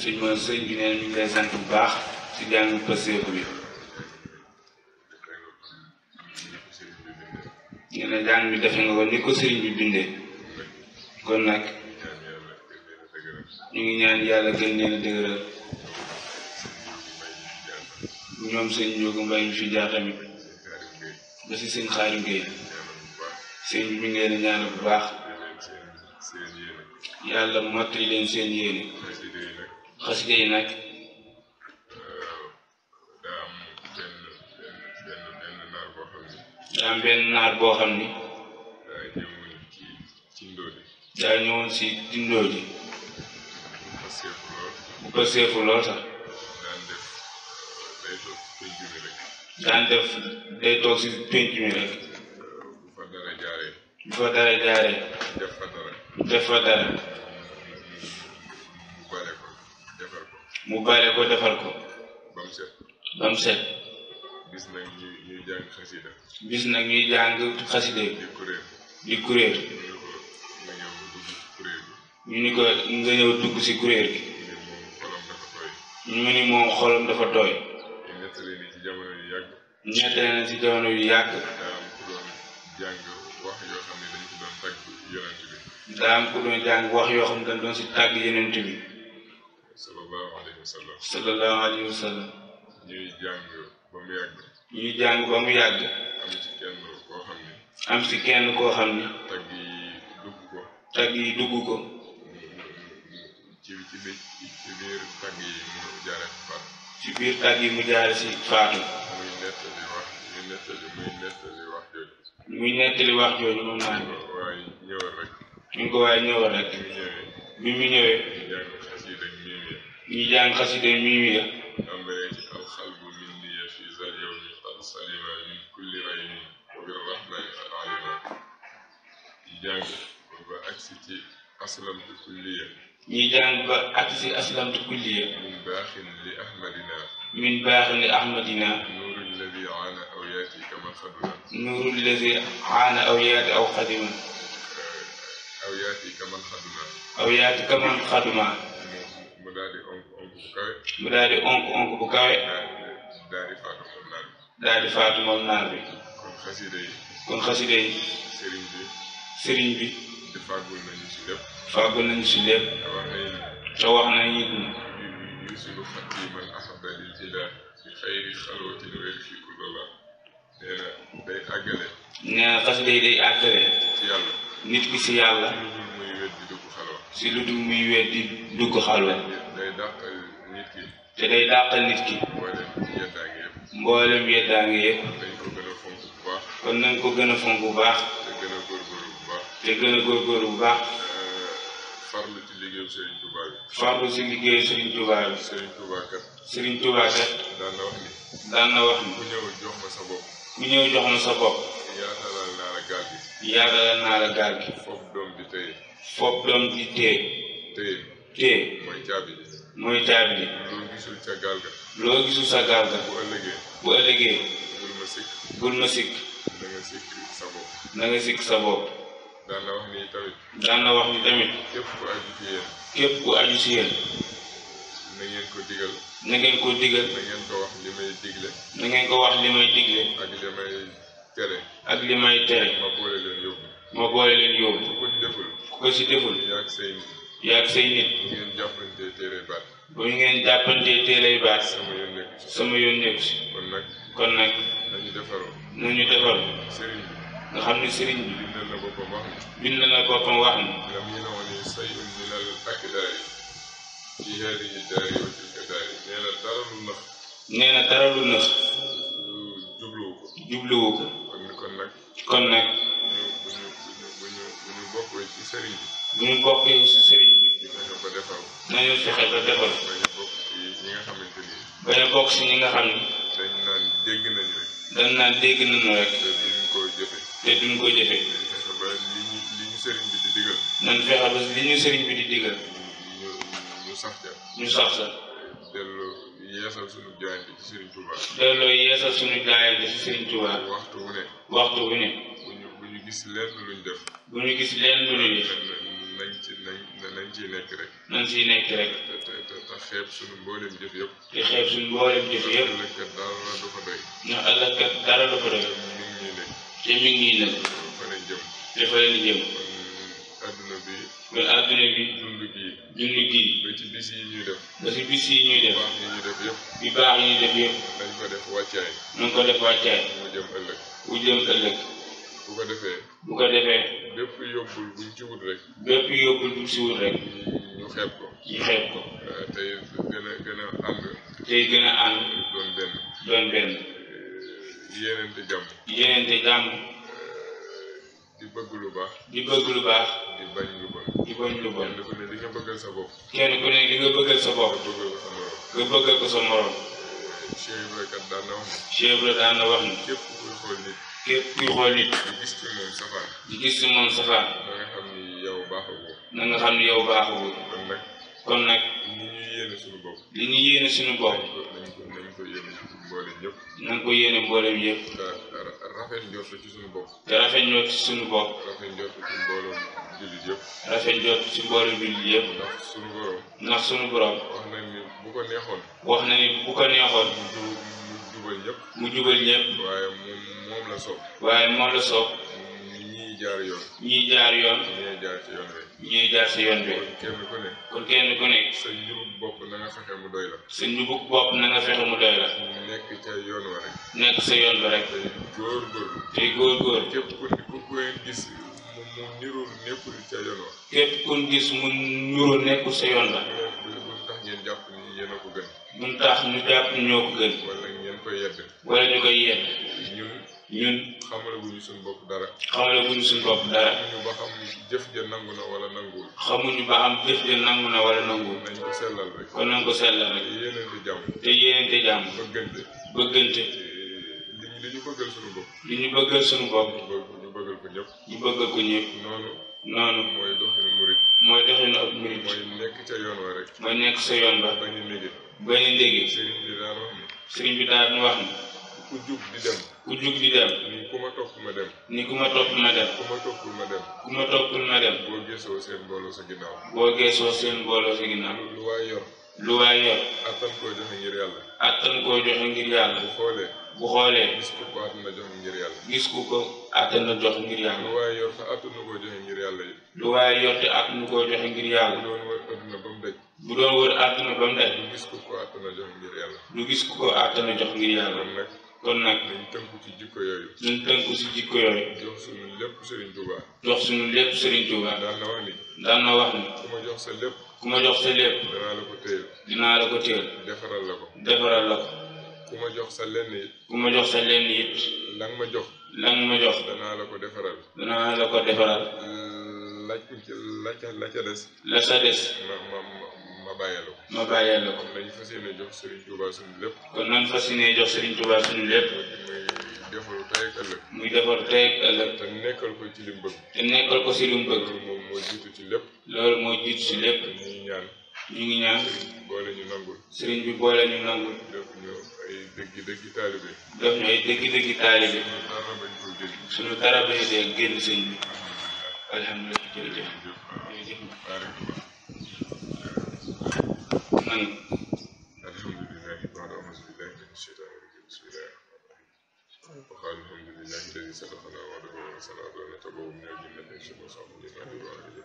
suñ ma sëñ bi neen mi ngi sant bu baax si jàng pëseeku bi nee na jàng bi defe nga ko ni ko sëriñ bi bindee kon nag ñu ngi ñaan yàlla gën leen a dëgëral ñoom sëñ Njóogu Mbay fi jaar ba si sëñ Xaadim Géey sëñ bi mi ngi ñaan bu baax yàlla mottali leen seen yéene xasida yi nag daa benn naar boo xam ni daa ñëwoon si dindoo ji bu ko seefu lool sax daan def day toog si penc mi rek bu fa dara jaaree def fa mu baale ko defal ko. ba mu set. ba mu set. bis nag ñuy ñuy jàng xasida. bis nag ñuy jàng xasida. di kuréel. di ñu ni ko nga ñëw dugg si kuréel gi. ñu ni moom xolam dafa tooy. nettali na ci jamono yu yàgg. nettali yu yàgg. daa am ku doon yoo xam ne dañ doon tàgg yonent jàng wax yoo xam ne doon si tàgg yonent bi. sallallahu alayhi wa sallam. ñuy jàng ba mu yàgg. ñuy jàng ba mu yàgg. am ci kenn koo xam ni. am ci kenn koo xam ni. tagg yi dugg ko. tagg yi dugg ko. ci ci ci biir tagg yi mu jaare ci faatu. ci biir tagg yi mu jaare ci muy nettali wax muy nettali muy wax jooju. muy nettali waaye ñëwal rek. ñu ko waaye ñëwal rek. mu ñëwee. ñi jàng xasida mimi ga tàmbalee ci alxalbu min niya fi zal yawmi qad salima min kulli rayni wa bir rahmani qad alima ñi jàng ba agsi ci aslamtu kulliya ñi jàng ba agsi aslamtu kulliya min baaxin li ahmadina min baaxin li ahmadina nuru alladi aana awyaati kama xaduna nuru alladi aana awyaati aw xadima awyaati kaman xaduma awyaati kaman xaduma mu daal di onk onk bu kawe. mu daal onk onk bu kawe. daal faatu moom naar bi. daal faatu moom naar bi. kon xasida yi. kon xasida yi. sëriñ bi. sëriñ bi. nañu si lépp. fàggul nañu si lépp. te wax nañu ne. te wax nañu ne. yusulu xatti man ahaba lil ilah bi xasida yi day àggale. nit ki si yàlla. si lu dul muy weddi dugg xalwa te day dàqal nit ki mboolem yeddaange yëpp kon nañ ko gën a fonk bu baax te gën a góorgóorlu bu baax eh, farlu ci liggéeyu Serigne Touba bi. farlu ci liggéeyu daan na wax ni. daan ñëw jox ma sa bopp. ku ñëw jox ma sa bopp. yaatalal naa naa la gaal gi. foppam di tee tee tee mooy caabi ji mooy caabi ji loo gisul sa gaal ga loo gisul sa gaal ga bu ëllëgee bu ëllëgee bul ma sikk bul ma sikk na nga sikk sa bopp na nga sikk sa bopp daan la wax ni tamit daan la wax ni tamit képp ku aju ci yéen képp ku aju ci yéen na ngeen ko digal na ngeen ko digal na ngeen ko wax li may digle na ngeen ko wax li may digle ak li may tere ak li may tere ma boole leen yóbbu ma boole leen yóbbu ku ko deful ku ko si deful. yaag say nit. yaag say nit. bu ngeen jàppantee téere baat. bu ngeen jàppantee téere baat. sama yoon nekk ci sama yoon nekk ci. kon nag. kon nag. nañu defaroo. nañu defaroo. nga xam ne sëriñ bi. bind na boppam wax na. bind na lu nëx. nee na kon nag. kon nag. sëriñ bi. ñu bokk yow si sëriñ bi. ñu fexe ba defal. nañu fexe a bokk si ñi nga xamante ni. nga xam ne dañ naan dégg nañ rek. dañ naan dégg nañu rek. te duñ ko jëfe. te duñ ko jëfe. nañ li ñu sëriñ bi di digal. nañ fexe ba ñu sëriñ bi di digal. ñu ñu sax sax ja. yeesal suñu jaayante ci ci sëriñ Touba. waxtu wu ne. waxtu wu ne. gis leen luñ def. bu ñu gis leen lu ñu def. nañ ci nañ nañ ciy nekk rek. nañ ciy nekk rek. te te te xeeb suñu mboolem jëf yëpp. te xeeb suñu mboolem jëf yëpp. te mi ngi ñuy te fa leen jëm. te fa bi. kon bi. dund gii. dund gii. ba ci bis yi ñuy def. ba ci bis bi baax ñuy def yëpp. nañ ko def wàccaay. nañ ko def wàccaay. mu jëm ëllëg. mu jëm ëllëg. bu ko defee. bu ko defee. bépp yóbbul buñ ci wut rek. bépp yóbbul buñ ci wut rek. ñu xeeb ko. ñu xeeb ko. tey gën a gën a ànd. tey gën a ànd. doon benn. doon benn. Eh, yéenente jàmm. yéenente di bëgg lu baax. di bëgg lu di bañ lu bon. di bañ lu bon. kenn ne li nga bëggal sa bopp. kenn ne li nga bëggal sa bopp. nga ko sa morom. nga bëggal ko sa morom. Cheikh Ibrahima kat képp kuy di gis ci moom safaan. di gis ci moom safaan. na nga xam ni yow baaxagul. na nga xam ni yow baaxagul. kon kon nag. li ñuy yéene suñu bopp. li ñuy yéene suñu bopp. nañ ko nañ ko yéene mbooleem ñëpp. nañ ko yéene mbooleem ñëpp. rafet njort ci suñu bopp. te rafet njort suñu bopp. rafet njort ci mbooloom jullit yëpp. rafet njort ci mbooloom jullit wax na ni ko neexoon. wax na ni bu ko neexoon. mu mu jubal ñëpp. moom la soob. waaye moom la soob. ñii jaar yoon. ñii jaar yoon. ñii jaar ci yoon bi. ñii jaar ci yoon bi. kon kenn ku ne. kon kenn ku ne. sa njubug bopp na nga fexe mu doy la. sa njubug bopp na nga fexe mu doy la. nekk ca yoon wa rek. nekk sa yoon ba rek. tey góorgóorlu. tey góorgóorlu. képp ku ku ngeen gis mu niru nekkul ca yoon wa. képp ku gis mu niru nekkul sa yoon ba. tax ngeen jàpp ni yéen a ko gën. mun tax ñu jàpp ñoo ko gën. wala ngeen koy yedd. wala ñu koy yedd. ñun xamale wuñu suñu bopp dara xamale wuñu suñu bopp dara xamuñu ba xam jëf ja nangu na wala nanguwul xamuñu ba xam jëf ja nangu na wala nanguwul nañ ko sellal rek kon nañ ko sellal rek te yéeneente jàmm te yéeneente jàmm bëggante bëggante li li ñu bëggal suñu bopp li ñu bëggal suñu bopp ñu bëggal ko ñëpp ñu bëggal ko ñëpp noonu noonu mooy doxinu murit mooy doxinu ab murit mooy nekk ca yoon wa rek mooy nekk sa yoon ba bañu léegi bañu léegi sëriñ bi daan wax ni sëriñ bi daan wax ni ku di dem ku jug di dem ni madam ma topp ma dem ni ku ma topp ma dem ku ma toppul ma dem ku ma ma dem boo geesoo seen mbooloo sa ginnaaw boo geesoo seen mbooloo sa ginnaaw lu waay yor lu waay yor attan koo joxe ngir yàlla attan koo joxe ngir yàlla bu xoolee bu xoolee gis ku ko attan na joxe ngir yàlla gis ku ko attan na joxe ngir yàlla lu waay yor te attan na koo joxe ngir yàlla lu waay yor te attan na joxe ngir yàlla doon wër adduna ba mu daj bu doon wër adduna ba mu daj gis ku ko attan na joxe ngir yàlla du gis ku ko attan na jox ngir yàlla kon nag nañ tënku ci jikko yooyu nañ tënku ci jikko yooyu jox suñu lépp Serigne Touba jox suñu lépp Serigne Touba wax ni daan wax ni ku ma jox sa lépp ku ma jox sa lépp danaa la ko téyel dinaa la defaral la ko defaral la ko jox sa lenn it ku jox sa lenn it la nga ma jox la nga ma jox danaa la ko defaral danaa la ko defaral la la la des la ca des ma bàyyee la ko. ma bàyyee la ko. kon nañ fas yéene jox Serigne Touba lépp. kon nañ fas jox Serigne Touba lépp. muy defar tey ak muy defar tey mu bëgg. te nekkal ci li mu bëgg. loolu moom moo jiitu ci lépp. loolu moo jiitu ci lépp. ñu ngi ñaan. ñu ngi ñaan. Serigne bi boole ñu nangul. Serigne bi boole ñu nangul. def ñu ay dëgg-dëgg taalibe. def ñu ay suñu dara bañ koo génn. suñu dara bañ تفضل الحمد لله بعد أعوذ بالله من الشيطان الرجيم بسم الله الرحمن الرحيم وقال الحمد لله الذي صدقنا وعده ونصر عدونا تبوه من الجنة إن شاء الله صلى الله عليه وسلم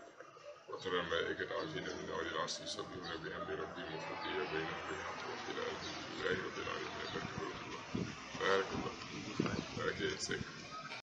وترى الملائكة عاجلين من أول العصر يسبحون بحمد ربهم وخطيئة بينهم بالحق وقيل الحمد لله رب العالمين بارك الله بارك الله بارك الله